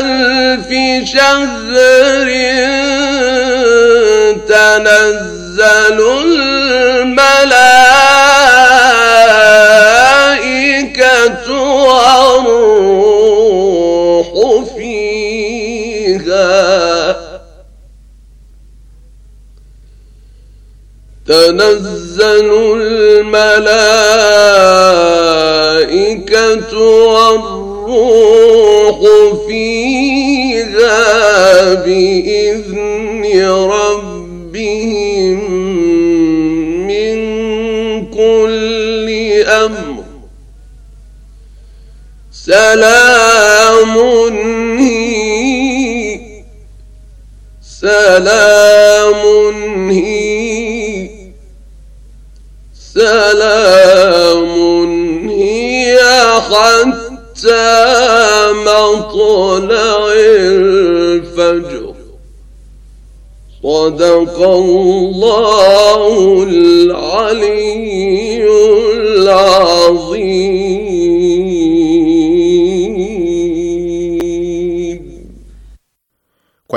ألف شهر تنزل الملائكة والروح فيها تنزل الملائكة والروح الروح فيها بإذن ربهم من كل أمر سلام هي سلام هي سلام هي حتى Kwa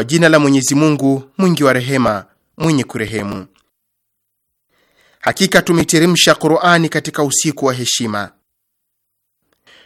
jina la Mwenyezi Mungu mwingi wa rehema mwenye kurehemu. Hakika tumeteremsha Qur'ani katika usiku wa heshima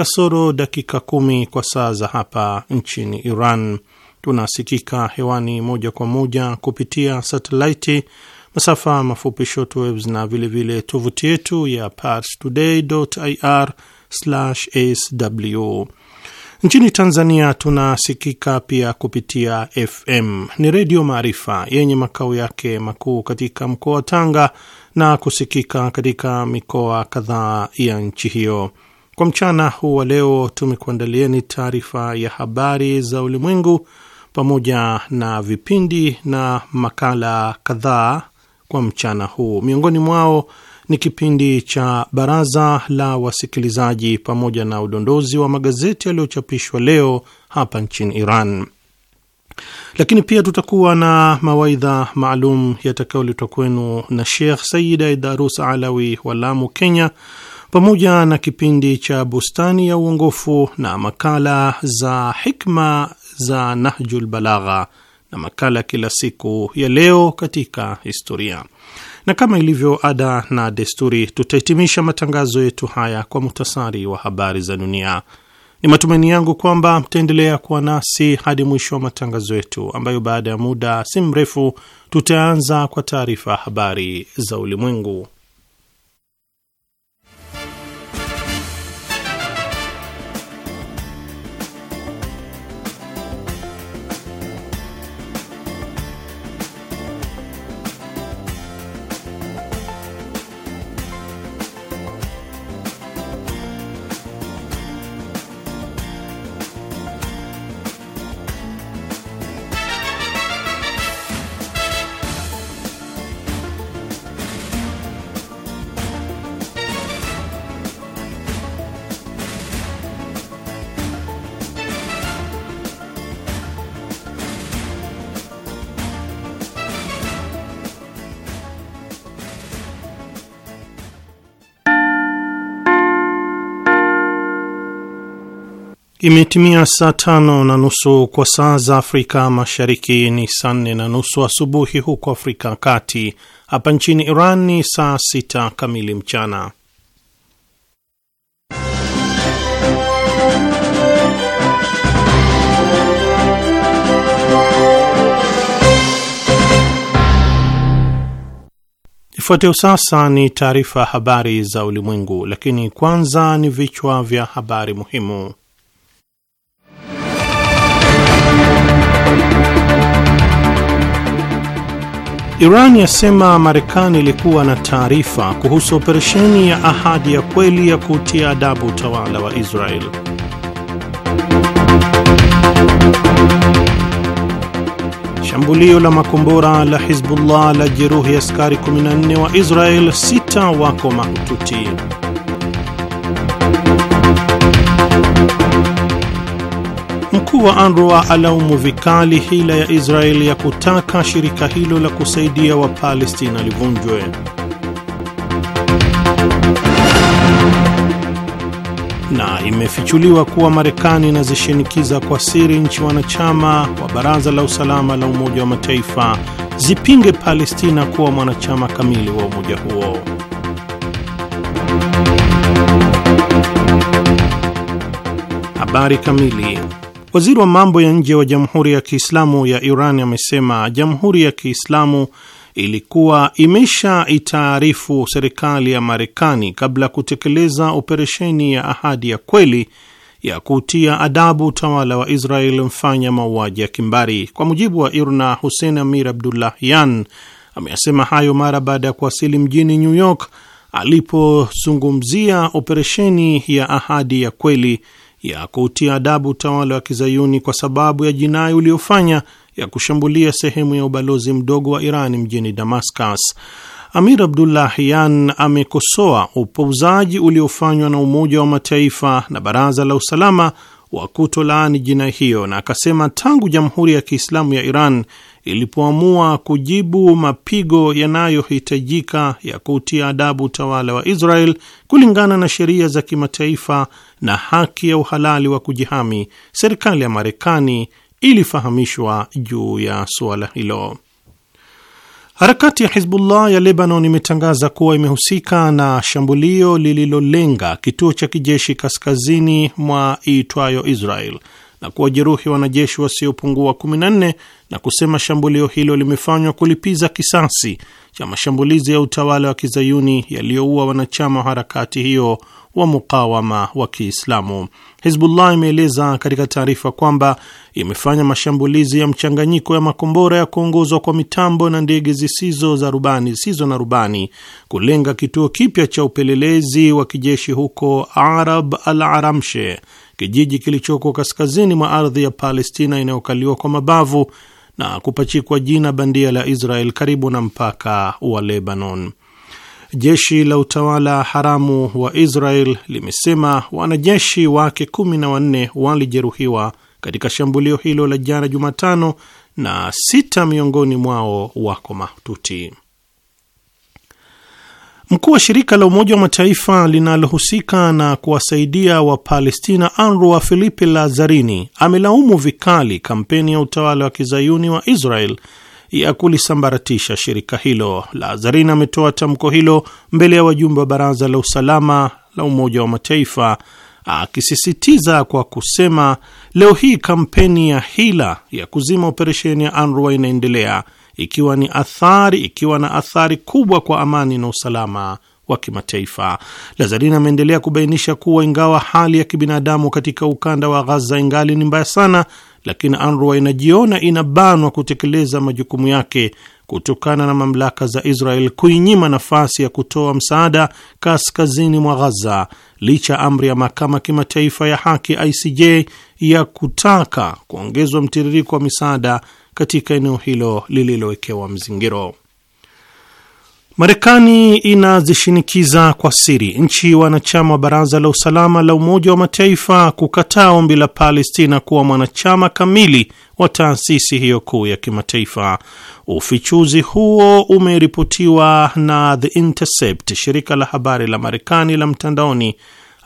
kasoro dakika kumi kwa saa za hapa nchini Iran. Tunasikika hewani moja kwa moja kupitia satelaiti, masafa mafupi short na vilevile tovuti yetu ya parstoday.ir/sw. Nchini Tanzania tunasikika pia kupitia FM ni Redio Maarifa yenye makao yake makuu katika mkoa wa Tanga na kusikika katika mikoa kadhaa ya nchi hiyo. Kwa mchana huu wa leo tumekuandalieni taarifa ya habari za ulimwengu pamoja na vipindi na makala kadhaa kwa mchana huu. Miongoni mwao ni kipindi cha baraza la wasikilizaji pamoja na udondozi wa magazeti yaliyochapishwa leo hapa nchini Iran, lakini pia tutakuwa na mawaidha maalum yatakayoletwa kwenu na Shekh Sayid Aidarus Alawi wa Lamu, Kenya pamoja na kipindi cha Bustani ya Uongofu na makala za hikma za Nahjul Balagha na makala kila siku ya Leo katika Historia, na kama ilivyo ada na desturi, tutahitimisha matangazo yetu haya kwa muhtasari wa habari za dunia. Ni matumaini yangu kwamba mtaendelea kuwa nasi hadi mwisho wa matangazo yetu, ambayo baada ya muda si mrefu tutaanza kwa taarifa habari za ulimwengu. Imetimia saa tano na nusu kwa saa za Afrika Mashariki, ni saa nne na nusu asubuhi huko Afrika ya Kati. Hapa nchini Iran ni saa sita kamili mchana. Ifuatayo sasa ni taarifa ya habari za ulimwengu, lakini kwanza ni vichwa vya habari muhimu. Iran yasema Marekani ilikuwa na taarifa kuhusu operesheni ya Ahadi ya Kweli ya kutia adabu utawala wa Israel. Shambulio la makombora la Hizbullah la jeruhi askari 14 wa Israel, sita wako mahututi. Mkuu wa Anrua alaumu vikali hila ya Israeli ya kutaka shirika hilo la kusaidia Wapalestina livunjwe. Na imefichuliwa kuwa Marekani inazishinikiza kwa siri nchi wanachama wa Baraza la Usalama la Umoja wa Mataifa zipinge Palestina kuwa mwanachama kamili wa umoja huo. Habari kamili Waziri wa mambo ya nje wa Jamhuri ya Kiislamu ya Iran amesema Jamhuri ya Kiislamu ilikuwa imesha itaarifu serikali ya Marekani kabla ya kutekeleza operesheni ya Ahadi ya Kweli ya kutia adabu utawala wa Israel mfanya mauaji ya kimbari. Kwa mujibu wa IRNA, Hussein Amir Abdullahyan ameyasema hayo mara baada ya kuwasili mjini New York alipozungumzia operesheni ya Ahadi ya Kweli ya kuutia adabu utawala wa kizayuni kwa sababu ya jinai uliofanya ya kushambulia sehemu ya ubalozi mdogo wa Iran mjini Damascus. Amir Abdullahian amekosoa upouzaji uliofanywa na Umoja wa Mataifa na Baraza la Usalama wa kutolaani jinai hiyo, na akasema tangu Jamhuri ya Kiislamu ya Iran ilipoamua kujibu mapigo yanayohitajika ya kutia adabu utawala wa Israel kulingana na sheria za kimataifa na haki ya uhalali wa kujihami, serikali ya Marekani ilifahamishwa juu ya suala hilo. Harakati ya Hizbullah ya Lebanon imetangaza kuwa imehusika na shambulio lililolenga kituo cha kijeshi kaskazini mwa iitwayo Israel na kuwajeruhi wanajeshi wasiopungua 14 na kusema shambulio hilo limefanywa kulipiza kisasi cha mashambulizi ya utawala wa kizayuni yaliyoua wanachama wa harakati hiyo wa mukawama wa Kiislamu. Hizbullah imeeleza katika taarifa kwamba imefanya mashambulizi ya mchanganyiko ya makombora ya kuongozwa kwa mitambo na ndege zisizo za rubani zisizo na rubani kulenga kituo kipya cha upelelezi wa kijeshi huko Arab al Aramshe kijiji kilichoko kaskazini mwa ardhi ya Palestina inayokaliwa kwa mabavu na kupachikwa jina bandia la Israel karibu na mpaka wa Lebanon. Jeshi la utawala haramu wa Israel limesema wanajeshi wake kumi na wanne walijeruhiwa katika shambulio hilo la jana Jumatano, na sita miongoni mwao wako mahututi. Mkuu wa shirika la Umoja wa Mataifa linalohusika na kuwasaidia Wapalestina, Anrua Filipe Lazarini, amelaumu vikali kampeni ya utawala wa kizayuni wa Israel ya kulisambaratisha shirika hilo. Lazarini ametoa tamko hilo mbele ya wajumbe wa Baraza la Usalama la Umoja wa Mataifa, akisisitiza kwa kusema, leo hii kampeni ya hila ya kuzima operesheni ya Anrua inaendelea ikiwa ni athari, ikiwa na athari kubwa kwa amani na usalama wa kimataifa. lazarin ameendelea kubainisha kuwa ingawa hali ya kibinadamu katika ukanda wa Ghaza ingali ni mbaya sana, lakini Anrua inajiona inabanwa kutekeleza majukumu yake kutokana na mamlaka za Israel kuinyima nafasi ya kutoa msaada kaskazini mwa Ghaza licha amri ya mahakama kimataifa ya haki ICJ ya kutaka kuongezwa mtiririko wa misaada katika eneo hilo lililowekewa mzingiro. Marekani inazishinikiza kwa siri nchi wanachama wa Baraza la Usalama la Umoja wa Mataifa kukataa ombi la Palestina kuwa mwanachama kamili wa taasisi hiyo kuu ya kimataifa. Ufichuzi huo umeripotiwa na The Intercept, shirika la habari la Marekani la mtandaoni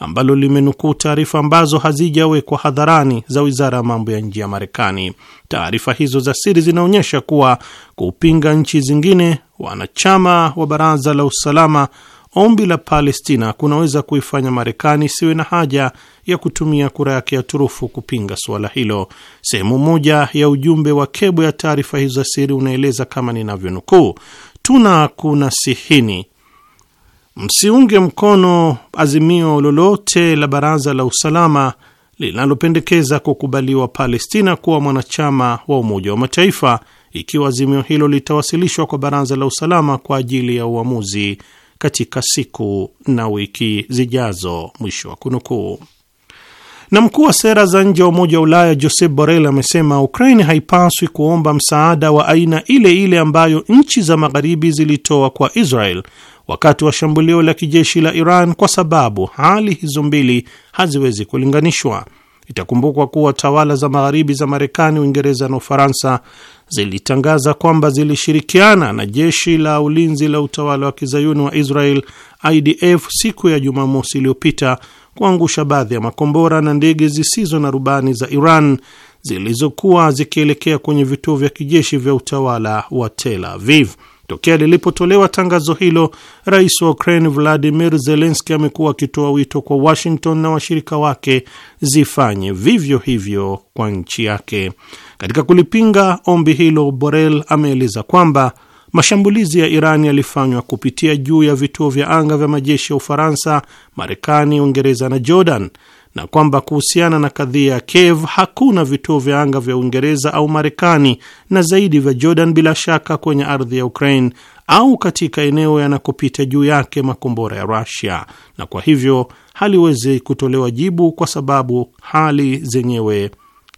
ambalo limenukuu taarifa ambazo hazijawekwa hadharani za wizara ya mambo ya nje ya Marekani. Taarifa hizo za siri zinaonyesha kuwa kupinga nchi zingine wanachama wa baraza la usalama ombi la Palestina kunaweza kuifanya Marekani isiwe na haja ya kutumia kura yake ya turufu kupinga suala hilo. Sehemu moja ya ujumbe wa kebo ya taarifa hizo za siri unaeleza kama ninavyonukuu: tuna kuna sihini msiunge mkono azimio lolote la Baraza la Usalama linalopendekeza kukubaliwa Palestina kuwa mwanachama wa Umoja wa Mataifa ikiwa azimio hilo litawasilishwa kwa Baraza la Usalama kwa ajili ya uamuzi katika siku na wiki zijazo. Mwisho wa kunukuu. Na mkuu wa sera za nje wa Umoja wa Ulaya Josep Borrell amesema Ukraine haipaswi kuomba msaada wa aina ile ile ambayo nchi za Magharibi zilitoa kwa Israel wakati wa shambulio la kijeshi la Iran, kwa sababu hali hizo mbili haziwezi kulinganishwa. Itakumbukwa kuwa tawala za magharibi za Marekani, Uingereza na Ufaransa zilitangaza kwamba zilishirikiana na jeshi la ulinzi la utawala wa kizayuni wa Israel, IDF, siku ya Jumamosi iliyopita kuangusha baadhi ya makombora na ndege zisizo na rubani za Iran zilizokuwa zikielekea kwenye vituo vya kijeshi vya utawala wa Tel Aviv. Tokea lilipotolewa tangazo hilo, rais wa Ukraine Vladimir Zelenski amekuwa akitoa wito kwa Washington na washirika wake zifanye vivyo hivyo kwa nchi yake. Katika kulipinga ombi hilo, Borel ameeleza kwamba mashambulizi ya Iran yalifanywa kupitia juu ya vituo vya anga vya majeshi ya Ufaransa, Marekani, Uingereza na Jordan na kwamba kuhusiana na kadhia ya kiev hakuna vituo vya anga vya Uingereza au Marekani na zaidi vya Jordan, bila shaka kwenye ardhi ya Ukraine au katika eneo yanakopita juu yake makombora ya Rusia, na kwa hivyo haliwezi kutolewa jibu kwa sababu hali zenyewe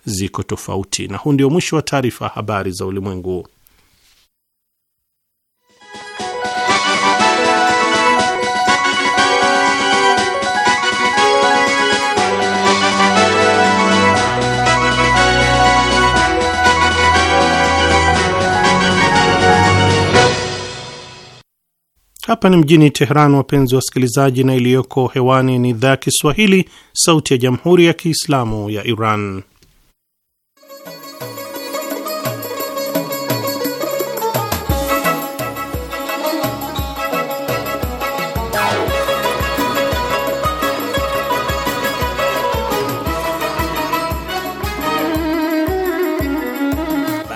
ziko tofauti. Na huu ndio mwisho wa taarifa habari za ulimwengu. Hapa ni mjini Teheran, wapenzi wa wasikilizaji, na iliyoko hewani ni idhaa ya Kiswahili, Sauti ya Jamhuri ya Kiislamu ya Iran.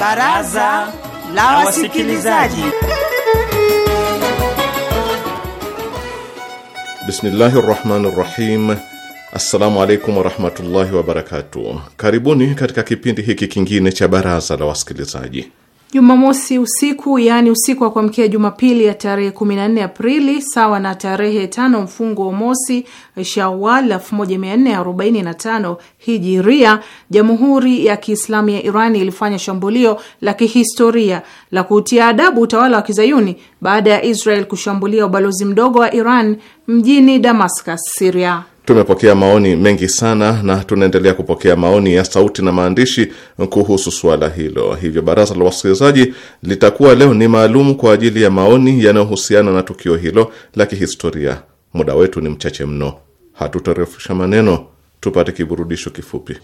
Baraza la Wasikilizaji. Bismillahi rahmani rahim. Assalamu alaikum warahmatullahi wabarakatuh. Karibuni katika kipindi hiki kingine cha baraza la wasikilizaji. Jumamosi usiku, yaani usiku wa kuamkia Jumapili ya tarehe 14 Aprili sawa na tarehe tano mfungo wa mosi Shawal 1445 Hijiria, Jamhuri ya Kiislamu ya Iran ilifanya shambulio la kihistoria la kutia adabu utawala wa Kizayuni baada ya Israel kushambulia ubalozi mdogo wa Iran mjini Damascus, Syria. Tumepokea maoni mengi sana na tunaendelea kupokea maoni ya sauti na maandishi kuhusu suala hilo. Hivyo baraza la wasikilizaji litakuwa leo ni maalum kwa ajili ya maoni yanayohusiana na tukio hilo la kihistoria. Muda wetu ni mchache mno, hatutarefusha maneno, tupate kiburudisho kifupi.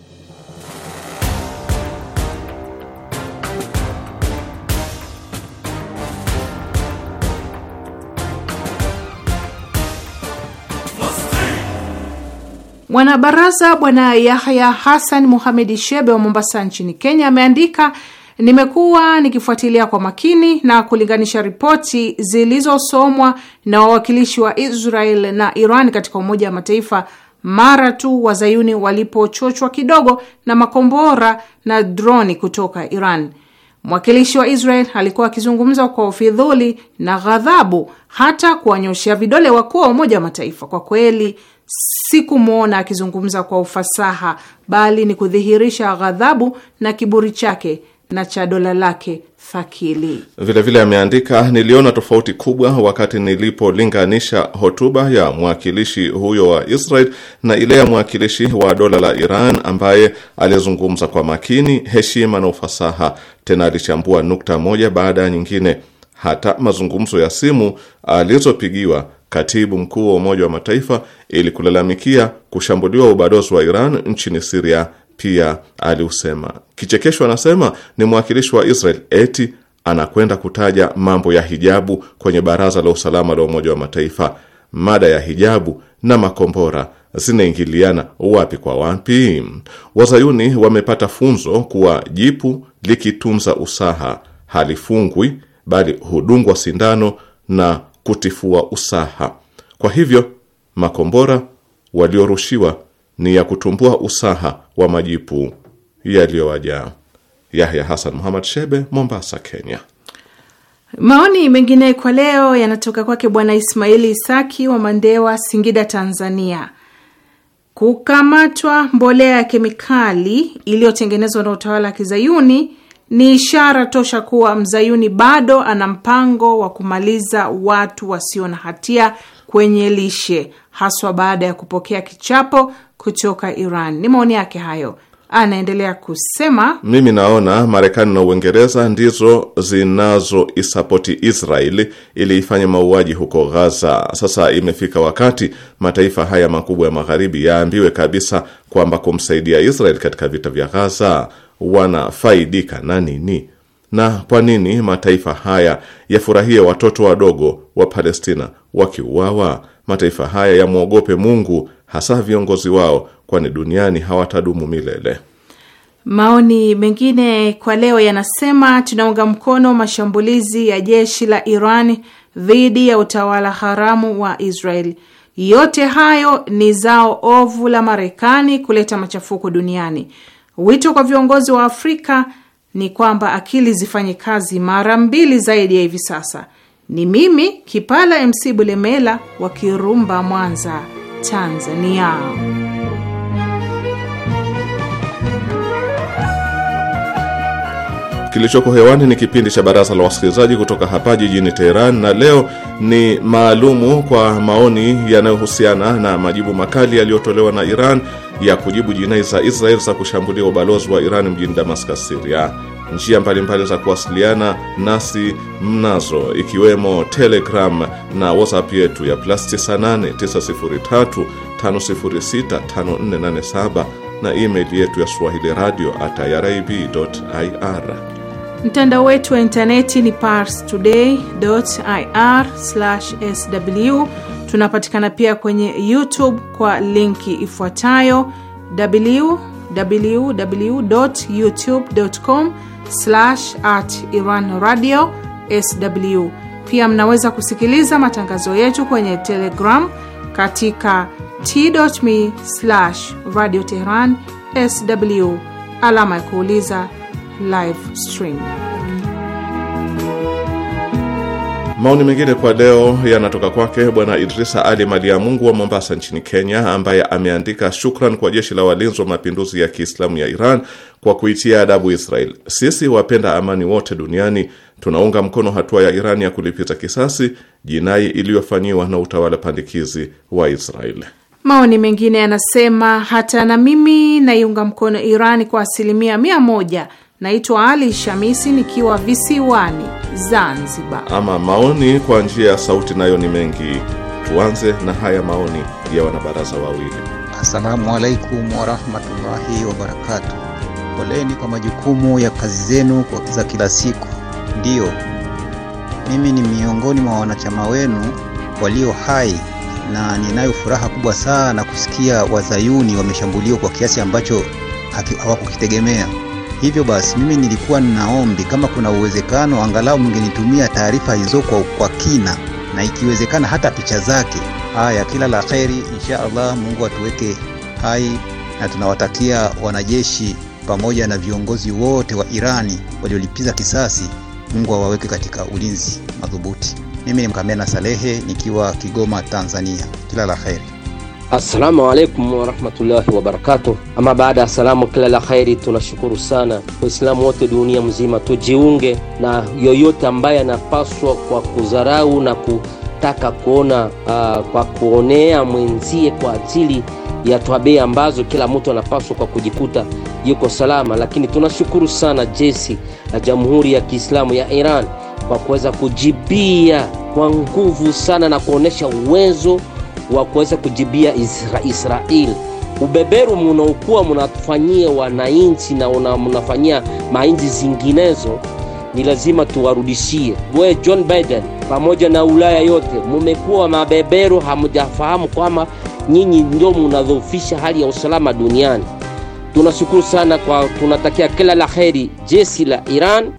Mwanabaraza Bwana Yahya Hassan Muhamedi Shebe wa Mombasa nchini Kenya ameandika Nimekuwa nikifuatilia kwa makini na kulinganisha ripoti zilizosomwa na wawakilishi wa Israel na Iran katika Umoja wa Mataifa mara tu wazayuni walipochochwa kidogo na makombora na droni kutoka Iran. Mwakilishi wa Israel alikuwa akizungumza kwa ufidhuli na ghadhabu, hata kuwanyoshea vidole wakuu wa Umoja wa Mataifa. Kwa kweli si kumwona akizungumza kwa ufasaha, bali ni kudhihirisha ghadhabu na kiburi chake na cha dola lake fakili. Vilevile ameandika, niliona tofauti kubwa wakati nilipolinganisha hotuba ya mwakilishi huyo wa Israel na ile ya mwakilishi wa dola la Iran ambaye alizungumza kwa makini, heshima na ufasaha, tena alichambua nukta moja baada ya nyingine. Hata mazungumzo ya simu alizopigiwa katibu mkuu wa Umoja wa Mataifa ili kulalamikia kushambuliwa ubalozi wa Iran nchini Siria pia aliusema. Kichekesho anasema ni mwakilishi wa Israel eti anakwenda kutaja mambo ya hijabu kwenye Baraza la Usalama la Umoja wa Mataifa. Mada ya hijabu na makombora zinaingiliana wapi kwa wapi? Wazayuni wamepata funzo kuwa jipu likitunza usaha halifungwi, bali hudungwa sindano na kutifua usaha. Kwa hivyo makombora waliorushiwa ni ya kutumbua usaha wa majipu yaliyowajaa. Yahya Hassan Muhammad Shebe, Mombasa, Kenya. Maoni mengine kwa leo yanatoka kwake Bwana Ismaili Isaki wa Mandewa, Singida, Tanzania. Kukamatwa mbolea ya kemikali iliyotengenezwa na utawala wa kizayuni ni ishara tosha kuwa mzayuni bado ana mpango wa kumaliza watu wasio na hatia kwenye lishe, haswa baada ya kupokea kichapo kutoka Iran. Ni maoni yake hayo. Anaendelea kusema, mimi naona Marekani na Uingereza ndizo zinazoisapoti Israeli ili ifanye mauaji huko Gaza. Sasa imefika wakati mataifa haya makubwa ya magharibi yaambiwe kabisa kwamba kumsaidia Israeli katika vita vya Gaza wanafaidika na nini, na kwa nini mataifa haya yafurahie watoto wadogo wa Palestina wakiuawa? Mataifa haya yamwogope Mungu, hasa viongozi wao, kwani duniani hawatadumu milele. Maoni mengine kwa leo yanasema tunaunga mkono mashambulizi ya jeshi la Iran dhidi ya utawala haramu wa Israel. Yote hayo ni zao ovu la Marekani kuleta machafuko duniani. Wito kwa viongozi wa Afrika ni kwamba akili zifanye kazi mara mbili zaidi ya hivi sasa. Ni mimi Kipala MC Bulemela wa Kirumba, Mwanza, Tanzania. Kilichoko hewani ni kipindi cha Baraza la Wasikilizaji kutoka hapa jijini Teheran, na leo ni maalumu kwa maoni yanayohusiana na majibu makali yaliyotolewa na Iran ya kujibu jinai za Israel za kushambulia ubalozi wa Iran mjini Damascus, Syria. Njia mbalimbali za kuwasiliana nasi mnazo ikiwemo Telegram na WhatsApp yetu ya plus 989035065487 na email yetu ya swahili radio at irib.ir. Mtandao wetu wa intaneti ni parstoday.ir/sw. Tunapatikana pia kwenye YouTube kwa linki ifuatayo www.youtube.com/iranradio sw. Pia mnaweza kusikiliza matangazo yetu kwenye Telegram katika t.me/radio tehran sw alama ya kuuliza live stream. Maoni mengine kwa leo yanatoka kwake Bwana Idrisa Ali Malia Mungu wa Mombasa nchini Kenya, ambaye ameandika shukran kwa jeshi la walinzi wa mapinduzi ya Kiislamu ya Iran kwa kuitia adabu Israel. Sisi wapenda amani wote duniani tunaunga mkono hatua ya Iran ya kulipiza kisasi jinai iliyofanyiwa na utawala pandikizi wa Israel. Maoni mengine yanasema hata na mimi naiunga mkono Iran kwa asilimia mia moja Naitwa Ali Shamisi nikiwa visiwani Zanzibar. Ama maoni kwa njia ya sauti nayo ni mengi. Tuanze na haya maoni ya wanabaraza wawili. Assalamu alaikum warahmatullahi wabarakatu. Poleni kwa majukumu ya kazi zenu za kila siku. Ndiyo, mimi ni miongoni mwa wanachama wenu walio hai na ninayo furaha kubwa sana kusikia wazayuni wameshambuliwa kwa kiasi ambacho hawakukitegemea. Hivyo basi mimi nilikuwa ninaombi kama kuna uwezekano angalau mngenitumia taarifa hizo kwa, kwa kina na ikiwezekana hata picha zake. Haya, kila la kheri insha Allah, Mungu atuweke hai, na tunawatakia wanajeshi pamoja na viongozi wote wa Irani waliolipiza kisasi, Mungu awaweke katika ulinzi madhubuti. Mimi ni Mkamena Salehe nikiwa Kigoma, Tanzania. Kila la kheri. Assalamu alaikum warahmatullahi wabarakatuh. Ama baada ya salamu, kila la kheri, tunashukuru sana Waislamu wote dunia mzima, tujiunge na yoyote ambaye anapaswa kwa kudharau na kutaka kuona uh, kwa kuonea mwenzie kwa ajili ya twabei ambazo kila mtu anapaswa kwa kujikuta yuko salama, lakini tunashukuru sana jesi la Jamhuri ya Kiislamu ya Iran kwa kuweza kujibia kwa nguvu sana na kuonesha uwezo wa kuweza kujibia Isra Israel. ubeberu munaokuwa munatufanyia wananchi na una munafanyia mainchi zinginezo, ni lazima tuwarudishie. We John Biden pamoja na Ulaya yote mumekuwa mabeberu, hamujafahamu kwamba nyinyi ndio munadhoofisha hali ya usalama duniani. Tunashukuru sana kwa, tunatakia kila la heri jeshi la Iran.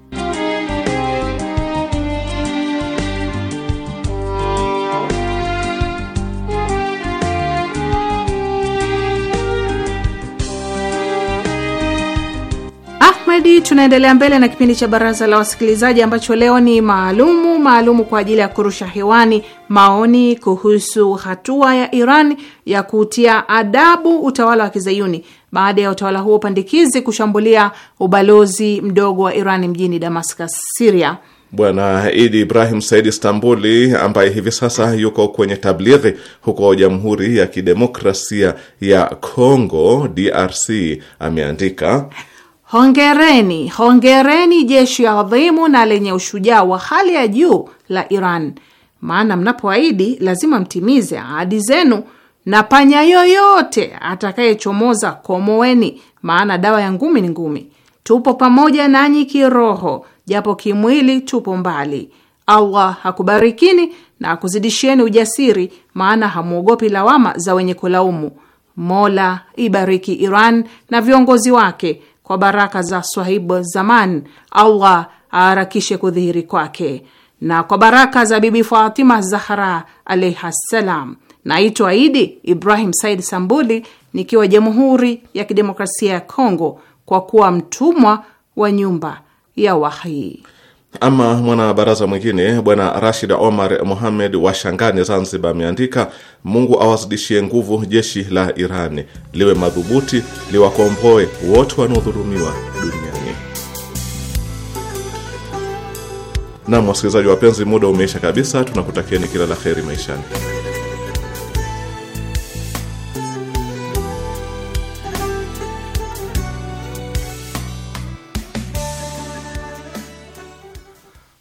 Maghadi. Tunaendelea mbele na kipindi cha baraza la wasikilizaji ambacho leo ni maalumu maalumu kwa ajili ya kurusha hewani maoni kuhusu hatua ya Iran ya kutia adabu utawala wa kizayuni baada ya utawala huo pandikizi kushambulia ubalozi mdogo wa Iran mjini Damascus, Syria. Bwana Idi Ibrahim Said Istanbuli, ambaye hivi sasa yuko kwenye tablighi huko Jamhuri ya Kidemokrasia ya Kongo DRC ameandika Hongereni, hongereni jeshi adhimu na lenye ushujaa wa hali ya juu la Iran, maana mnapoahidi lazima mtimize ahadi zenu, na panya yoyote atakayechomoza komoweni maana dawa ya ngumi ni ngumi. Tupo pamoja nanyi kiroho, japo kimwili tupo mbali. Allah hakubarikini na akuzidishieni ujasiri, maana hamwogopi lawama za wenye kulaumu. Mola ibariki Iran na viongozi wake kwa baraka za Swahibu Zaman, Allah aharakishe kudhihiri kwake, na kwa baraka za Bibi Fatima Zahra alaiha ssalam. Naitwa Idi Ibrahim Said Sambuli nikiwa Jamhuri ya Kidemokrasia ya Kongo, kwa kuwa mtumwa wa nyumba ya Wahii. Ama mwanabaraza mwingine bwana Rashid Omar muhamed wa Shangani, Zanzibar, ameandika Mungu awazidishie nguvu jeshi la Irani liwe madhubuti, liwakomboe wote wanaodhulumiwa duniani. Nam, wasikilizaji wapenzi, muda umeisha kabisa. Tunakutakieni kila la heri maishani.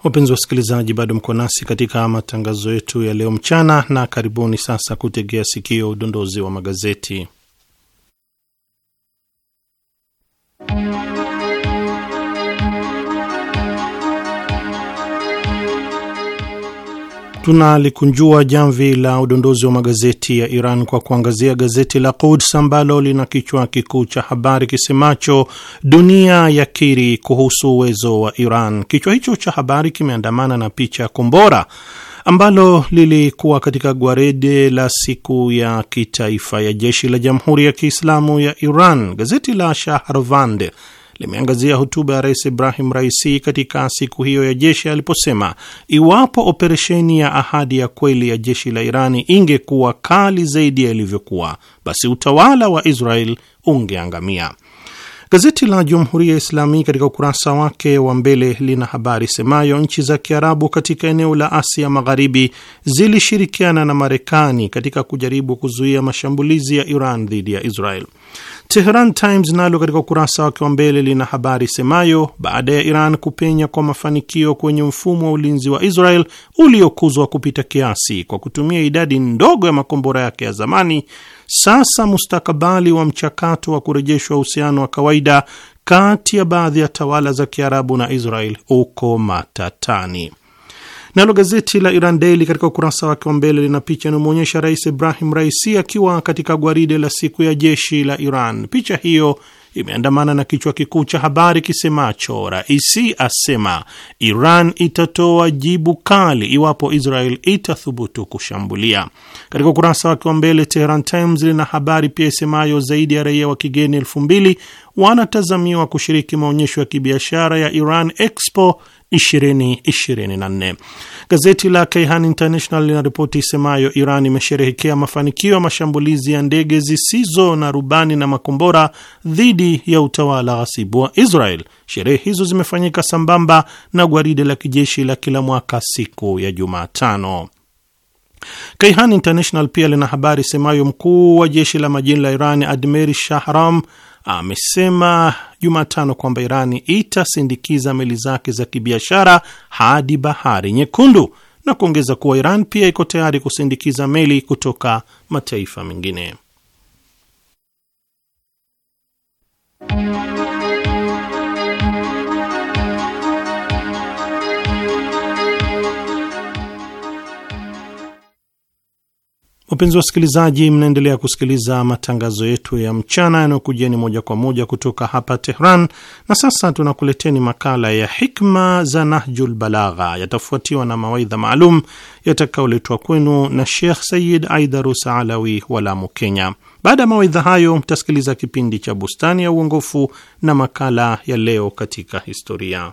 Wapenzi wa wasikilizaji, bado mko nasi katika matangazo yetu ya leo mchana, na karibuni sasa kutegea sikio udondozi wa magazeti tunalikunjua jamvi la udondozi wa magazeti ya Iran kwa kuangazia gazeti la Quds ambalo lina kichwa kikuu cha habari kisemacho dunia ya kiri kuhusu uwezo wa Iran. Kichwa hicho cha habari kimeandamana na picha ya kombora ambalo lilikuwa katika gwarede la siku ya kitaifa ya jeshi la Jamhuri ya Kiislamu ya Iran. Gazeti la Shahrvand limeangazia hotuba ya Rais Ibrahim Raisi katika siku hiyo ya jeshi aliposema, iwapo operesheni ya Ahadi ya Kweli ya jeshi la Irani ingekuwa kali zaidi ya ilivyokuwa, basi utawala wa Israel ungeangamia. Gazeti la jumhuria Islami katika ukurasa wake wa mbele lina habari semayo nchi za Kiarabu katika eneo la Asia Magharibi zilishirikiana na Marekani katika kujaribu kuzuia mashambulizi ya Iran dhidi ya Israel. Teheran Times nalo katika ukurasa wake wa mbele lina habari semayo, baada ya Iran kupenya kwa mafanikio kwenye mfumo wa ulinzi wa Israel uliokuzwa kupita kiasi kwa kutumia idadi ndogo ya makombora yake ya zamani, sasa mustakabali wa mchakato wa kurejeshwa uhusiano wa kawaida kati ya baadhi ya tawala za Kiarabu na Israel uko matatani. Nalo gazeti la Iran Daily katika ukurasa wake wa mbele lina picha inayomwonyesha Rais Ibrahim Raisi akiwa katika gwaride la siku ya jeshi la Iran. Picha hiyo imeandamana na kichwa kikuu cha habari kisemacho Raisi asema Iran itatoa jibu kali iwapo Israel itathubutu kushambulia. Katika ukurasa wake wa mbele Teheran Times lina habari pia isemayo zaidi ya raia wa kigeni elfu mbili wanatazamiwa kushiriki maonyesho ya kibiashara ya Iran Expo 2024. Gazeti la Kayhan International linaripoti isemayo Iran imesherehekea mafanikio ya mashambulizi ya ndege zisizo na rubani na makombora dhidi ya utawala ghasibu wa Israel. Sherehe hizo zimefanyika sambamba na gwaride la kijeshi la kila mwaka siku ya Jumatano. Kayhan International pia lina habari semayo mkuu wa jeshi la majini la Iran Admeri Shahram amesema Jumatano kwamba Irani itasindikiza meli zake za kibiashara hadi Bahari Nyekundu na kuongeza kuwa Iran pia iko tayari kusindikiza meli kutoka mataifa mengine. Wapenzi wasikilizaji, mnaendelea kusikiliza matangazo yetu ya mchana yanayokujeni moja kwa moja kutoka hapa Tehran, na sasa tunakuleteni makala ya hikma za Nahjul Balagha, yatafuatiwa na mawaidha maalum yatakayoletwa kwenu na Shekh Sayid Aidarus Alawi wa Lamu, Kenya. Baada ya mawaidha hayo, mtasikiliza kipindi cha Bustani ya Uongofu na makala ya Leo katika Historia.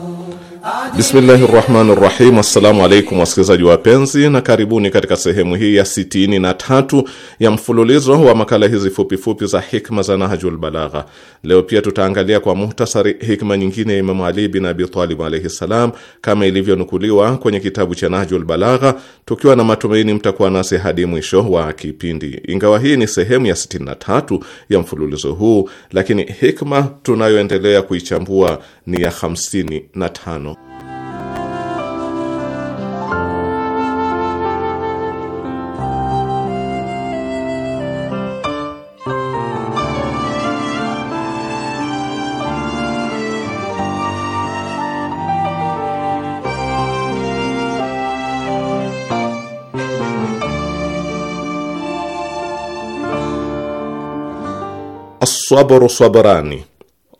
Bismillahi rahmani rahim. Assalamu alaikum wasikilizaji wapenzi, na karibuni katika sehemu hii ya sitini na tatu ya mfululizo wa makala hizi fupifupi fupi za hikma za Nahjul Balagha. Leo pia tutaangalia kwa muhtasari hikma nyingine ya Imamu Ali bin Abi Talib alaihi ssalam, kama ilivyonukuliwa kwenye kitabu cha Nahjul Balagha, tukiwa na matumaini mtakuwa nasi hadi mwisho wa kipindi. Ingawa hii ni sehemu ya sitini na tatu ya mfululizo huu, lakini hikma tunayoendelea kuichambua ni ya hamsini na tano sabru sabrani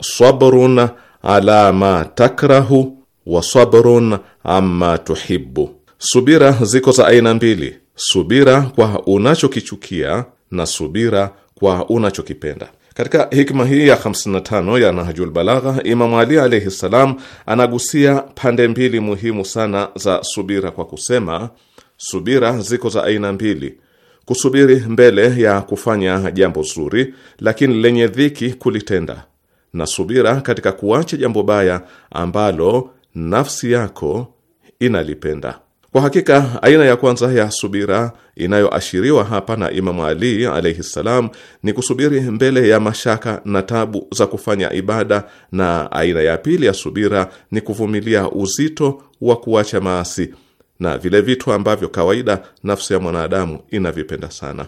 sabrun ala ma takrahu wa sabrun amma tuhibbu, subira ziko za aina mbili, subira kwa unachokichukia na subira kwa unachokipenda. Katika hikma hii ya 55 ya Nahjul Balagha, Imamu Ali alayhi salam anagusia pande mbili muhimu sana za subira kwa kusema, subira ziko za aina mbili, kusubiri mbele ya kufanya jambo zuri, lakini lenye dhiki kulitenda, na subira katika kuacha jambo baya ambalo nafsi yako inalipenda. Kwa hakika aina ya kwanza ya subira inayoashiriwa hapa na Imamu Ali alaihi ssalam ni kusubiri mbele ya mashaka na tabu za kufanya ibada, na aina ya pili ya subira ni kuvumilia uzito wa kuacha maasi na vile vitu ambavyo kawaida nafsi ya mwanadamu inavipenda sana.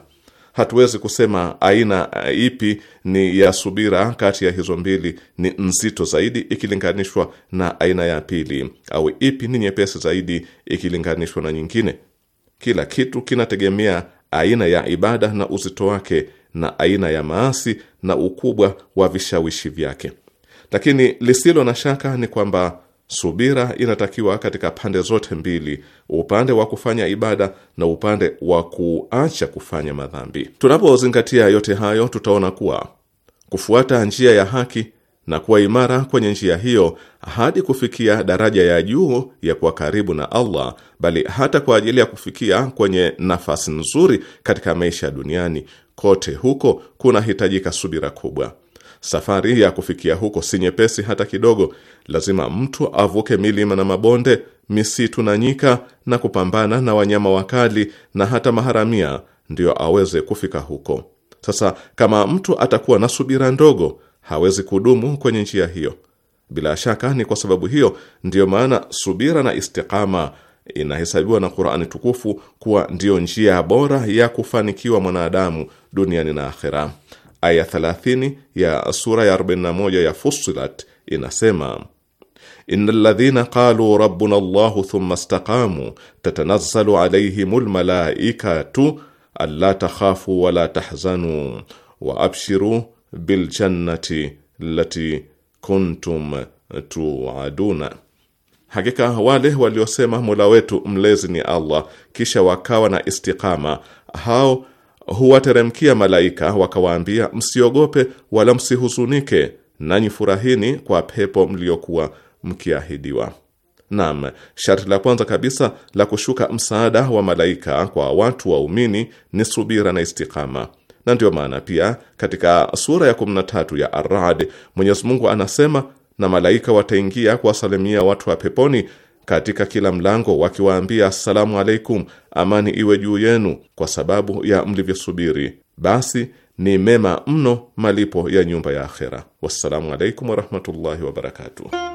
Hatuwezi kusema aina eh, ipi ni ya subira kati ya hizo mbili ni nzito zaidi ikilinganishwa na aina ya pili, au ipi ni nyepesi zaidi ikilinganishwa na nyingine. Kila kitu kinategemea aina ya ibada na uzito wake na aina ya maasi na ukubwa wa vishawishi vyake. Lakini lisilo na shaka ni kwamba Subira inatakiwa katika pande zote mbili, upande wa kufanya ibada na upande wa kuacha kufanya madhambi. Tunapozingatia yote hayo, tutaona kuwa kufuata njia ya haki na kuwa imara kwenye njia hiyo hadi kufikia daraja ya juu ya kuwa karibu na Allah, bali hata kwa ajili ya kufikia kwenye nafasi nzuri katika maisha ya duniani, kote huko kunahitajika subira kubwa. Safari ya kufikia huko si nyepesi hata kidogo. Lazima mtu avuke milima na mabonde, misitu na nyika, na kupambana na wanyama wakali na hata maharamia, ndiyo aweze kufika huko. Sasa kama mtu atakuwa na subira ndogo, hawezi kudumu kwenye njia hiyo. Bila shaka ni kwa sababu hiyo ndiyo maana subira na istiqama inahesabiwa na Qur'ani tukufu kuwa ndiyo njia bora ya kufanikiwa mwanadamu duniani na akhera aya 30 ya sura ya 41 ya Fussilat inasema Innal ladhina qalu rabbuna Allahu thumma istaqamu tatanazzalu alayhimul malaikatu alla takhafu wala tahzanu wa abshiru bil jannati allati kuntum tuaduna, hakika wale waliosema mola wetu mlezi ni Allah, kisha wakawa na istiqama, hao huwateremkia malaika wakawaambia, msiogope wala msihuzunike, nanyi furahini kwa pepo mliokuwa mkiahidiwa. Naam, sharti la kwanza kabisa la kushuka msaada wa malaika kwa watu waumini ni subira na istikama, na ndiyo maana pia katika sura ya 13 ya Ar-Ra'd Mwenyezi Mungu anasema, na malaika wataingia kuwasalimia watu wa peponi katika kila mlango wakiwaambia assalamu alaikum, amani iwe juu yenu, kwa sababu ya mlivyosubiri, basi ni mema mno malipo ya nyumba ya akhera. Wassalamu alaikum warahmatullahi wabarakatuh.